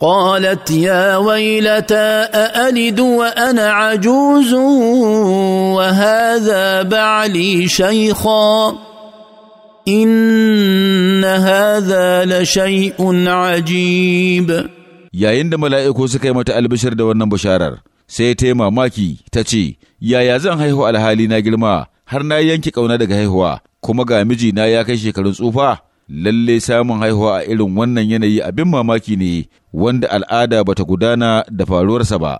قالت يا ويلتى أألد وأنا عجوز وهذا بعلي شيخا إن هذا لشيء عجيب yayin da mala'iku suka yi mata albishir da wannan bisharar sai ta yi mamaki ta ce yaya zan haihu alhali na girma har na yanke ƙauna daga haihuwa kuma ga mijina ya kai shekarun tsufa lalle samun haihuwa a irin wannan yanayi abin mamaki ne wanda al'ada bata gudana da faruwarsa ba.